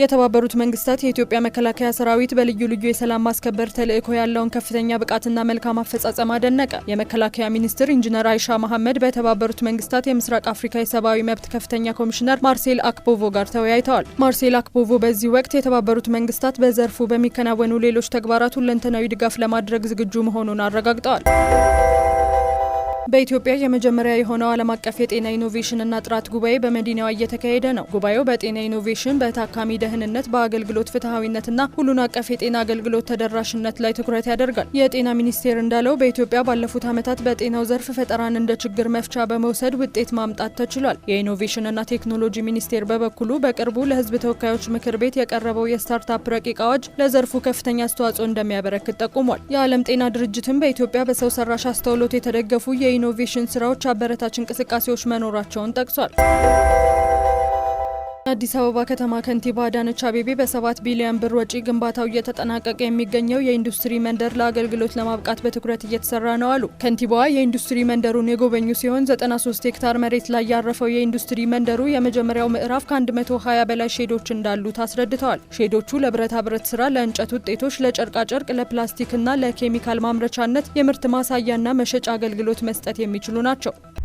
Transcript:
የተባበሩት መንግስታት የኢትዮጵያ መከላከያ ሰራዊት በልዩ ልዩ የሰላም ማስከበር ተልእኮ ያለውን ከፍተኛ ብቃትና መልካም አፈጻጸም አደነቀ። የመከላከያ ሚኒስትር ኢንጂነር አይሻ መሐመድ በተባበሩት መንግስታት የምስራቅ አፍሪካ የሰብአዊ መብት ከፍተኛ ኮሚሽነር ማርሴል አክቦቮ ጋር ተወያይተዋል። ማርሴል አክቦቮ በዚህ ወቅት የተባበሩት መንግስታት በዘርፉ በሚከናወኑ ሌሎች ተግባራት ሁለንተናዊ ድጋፍ ለማድረግ ዝግጁ መሆኑን አረጋግጠዋል። በኢትዮጵያ የመጀመሪያ የሆነው ዓለም አቀፍ የጤና ኢኖቬሽንና ጥራት ጉባኤ በመዲናዋ እየተካሄደ ነው። ጉባኤው በጤና ኢኖቬሽን፣ በታካሚ ደህንነት፣ በአገልግሎት ፍትሐዊነትና ሁሉን አቀፍ የጤና አገልግሎት ተደራሽነት ላይ ትኩረት ያደርጋል። የጤና ሚኒስቴር እንዳለው በኢትዮጵያ ባለፉት ዓመታት በጤናው ዘርፍ ፈጠራን እንደ ችግር መፍቻ በመውሰድ ውጤት ማምጣት ተችሏል። የኢኖቬሽንና ቴክኖሎጂ ሚኒስቴር በበኩሉ በቅርቡ ለሕዝብ ተወካዮች ምክር ቤት የቀረበው የስታርታፕ ረቂቅ አዋጅ ለዘርፉ ከፍተኛ አስተዋጽኦ እንደሚያበረክት ጠቁሟል። የዓለም ጤና ድርጅትም በኢትዮጵያ በሰው ሰራሽ አስተውሎት የተደገፉ የኢኖቬሽን ስራዎች አበረታች እንቅስቃሴዎች መኖራቸውን ጠቅሷል። አዲስ አበባ ከተማ ከንቲባ አዳነች አቤቤ በሰባት ቢሊዮን ብር ወጪ ግንባታው እየተጠናቀቀ የሚገኘው የኢንዱስትሪ መንደር ለአገልግሎት ለማብቃት በትኩረት እየተሰራ ነው አሉ። ከንቲባዋ የኢንዱስትሪ መንደሩን የጎበኙ ሲሆን 93 ሄክታር መሬት ላይ ያረፈው የኢንዱስትሪ መንደሩ የመጀመሪያው ምዕራፍ ከ120 በላይ ሼዶች እንዳሉት አስረድተዋል። ሼዶቹ ለብረታ ብረት ስራ፣ ለእንጨት ውጤቶች፣ ለጨርቃጨርቅ፣ ለፕላስቲክና ለኬሚካል ማምረቻነት የምርት ማሳያና መሸጫ አገልግሎት መስጠት የሚችሉ ናቸው።